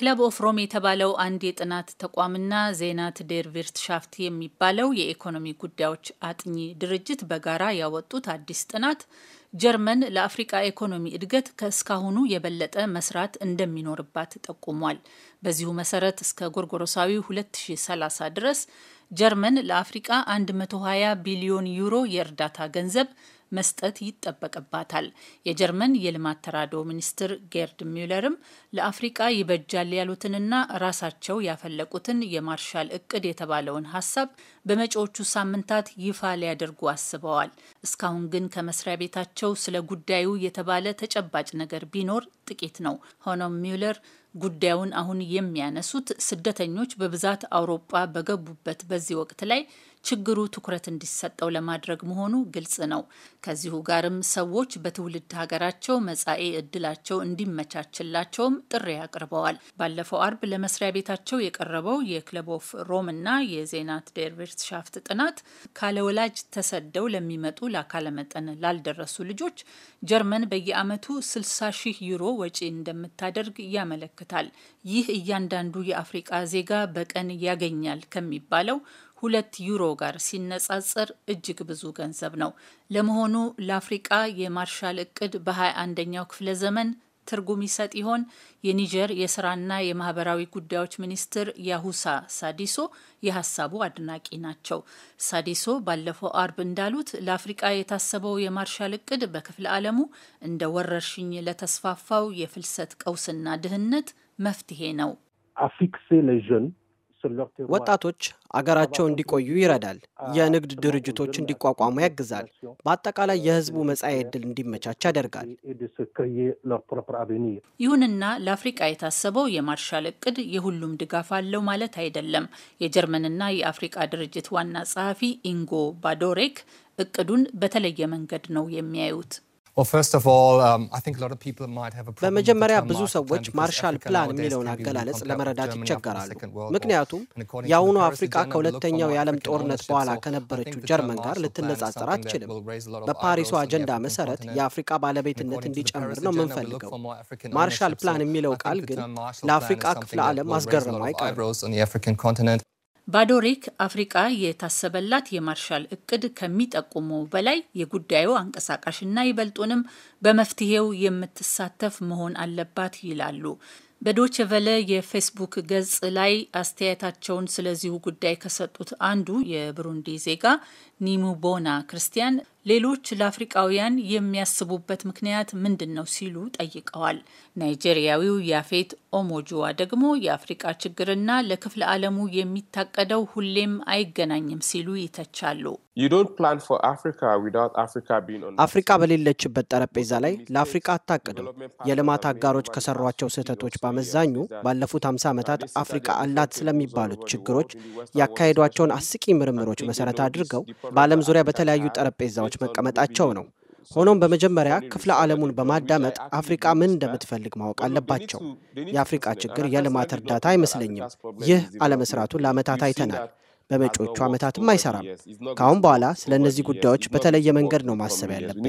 ክለብ ኦፍ ሮም የተባለው አንድ የጥናት ተቋምና ዜና ትዴርቪርት ሻፍት የሚባለው የኢኮኖሚ ጉዳዮች አጥኚ ድርጅት በጋራ ያወጡት አዲስ ጥናት ጀርመን ለአፍሪቃ ኢኮኖሚ እድገት ከእስካሁኑ የበለጠ መስራት እንደሚኖርባት ጠቁሟል። በዚሁ መሰረት እስከ ጎርጎሮሳዊ 2030 ድረስ ጀርመን ለአፍሪቃ 120 ቢሊዮን ዩሮ የእርዳታ ገንዘብ መስጠት ይጠበቅባታል። የጀርመን የልማት ተራድኦ ሚኒስትር ጌርድ ሚለርም ለአፍሪቃ ይበጃል ያሉትንና ራሳቸው ያፈለቁትን የማርሻል እቅድ የተባለውን ሀሳብ በመጪዎቹ ሳምንታት ይፋ ሊያደርጉ አስበዋል። እስካሁን ግን ከመስሪያ ቤታቸው ስለ ጉዳዩ የተባለ ተጨባጭ ነገር ቢኖር ጥቂት ነው። ሆኖም ሚውለር ጉዳዩን አሁን የሚያነሱት ስደተኞች በብዛት አውሮጳ በገቡበት በዚህ ወቅት ላይ ችግሩ ትኩረት እንዲሰጠው ለማድረግ መሆኑ ግልጽ ነው። ከዚሁ ጋርም ሰዎች በትውልድ ሀገራቸው መጻኤ እድላቸው እንዲመቻችላቸውም ጥሪ አቅርበዋል። ባለፈው አርብ ለመስሪያ ቤታቸው የቀረበው የክለብ ኦፍ ሮም እና የዜናት ሻፍት ጥናት ካለወላጅ ተሰደው ለሚመጡ ለአካለ መጠን ላልደረሱ ልጆች ጀርመን በየአመቱ 60 ሺህ ዩሮ ወጪ እንደምታደርግ እያመለክ ያመለክታል። ይህ እያንዳንዱ የአፍሪቃ ዜጋ በቀን ያገኛል ከሚባለው ሁለት ዩሮ ጋር ሲነጻጸር እጅግ ብዙ ገንዘብ ነው። ለመሆኑ ለአፍሪቃ የማርሻል እቅድ በ21ኛው ክፍለ ዘመን ትርጉም ይሰጥ ይሆን? የኒጀር የስራና የማህበራዊ ጉዳዮች ሚኒስትር ያሁሳ ሳዲሶ የሀሳቡ አድናቂ ናቸው። ሳዲሶ ባለፈው አርብ እንዳሉት ለአፍሪቃ የታሰበው የማርሻል እቅድ በክፍለ ዓለሙ እንደ ወረርሽኝ ለተስፋፋው የፍልሰት ቀውስና ድህነት መፍትሄ ነው። ወጣቶች አገራቸው እንዲቆዩ ይረዳል። የንግድ ድርጅቶች እንዲቋቋሙ ያግዛል። በአጠቃላይ የህዝቡ መጻኢ ዕድል እንዲመቻች ያደርጋል። ይሁንና ለአፍሪቃ የታሰበው የማርሻል እቅድ የሁሉም ድጋፍ አለው ማለት አይደለም። የጀርመንና የአፍሪቃ ድርጅት ዋና ጸሐፊ ኢንጎ ባዶሬክ እቅዱን በተለየ መንገድ ነው የሚያዩት። Um, በመጀመሪያ ብዙ ሰዎች ማርሻል ፕላን የሚለውን አገላለጽ ለመረዳት ይቸገራሉ። ምክንያቱም የአሁኑ አፍሪቃ ከሁለተኛው የዓለም ጦርነት በኋላ ከነበረችው ጀርመን ጋር ልትነጻጸር አትችልም። በፓሪሱ አጀንዳ መሰረት የአፍሪቃ ባለቤትነት እንዲጨምር ነው የምንፈልገው። ማርሻል ፕላን የሚለው ቃል ግን ለአፍሪቃ ክፍለ ዓለም ማስገረሙ አይቀርም። ባዶሪክ አፍሪቃ የታሰበላት የማርሻል እቅድ ከሚጠቁመው በላይ የጉዳዩ አንቀሳቃሽና ይበልጡንም በመፍትሄው የምትሳተፍ መሆን አለባት ይላሉ። በዶችቨለ ቨለ የፌስቡክ ገጽ ላይ አስተያየታቸውን ስለዚሁ ጉዳይ ከሰጡት አንዱ የብሩንዲ ዜጋ ኒሙቦና ክርስቲያን ሌሎች ለአፍሪቃውያን የሚያስቡበት ምክንያት ምንድን ነው ሲሉ ጠይቀዋል። ናይጄሪያዊው ያፌት ኦሞጆዋ ደግሞ የአፍሪቃ ችግርና ለክፍለ ዓለሙ የሚታቀደው ሁሌም አይገናኝም ሲሉ ይተቻሉ። አፍሪካ በሌለችበት ጠረጴዛ ላይ ለአፍሪካ አታቅድም። የልማት አጋሮች ከሰሯቸው ስህተቶች በአመዛኙ ባለፉት 50 ዓመታት አፍሪካ አላት ስለሚባሉት ችግሮች ያካሄዷቸውን አስቂ ምርምሮች መሰረት አድርገው በዓለም ዙሪያ በተለያዩ ጠረጴዛዎች መቀመጣቸው ነው። ሆኖም በመጀመሪያ ክፍለ ዓለሙን በማዳመጥ አፍሪቃ ምን እንደምትፈልግ ማወቅ አለባቸው። የአፍሪቃ ችግር የልማት እርዳታ አይመስለኝም። ይህ አለመስራቱን ለዓመታት አይተናል። በመጪዎቹ uh, ዓመታትም አይሰራም። ከአሁን በኋላ ስለ እነዚህ ጉዳዮች በተለየ መንገድ ነው ማሰብ ያለብን።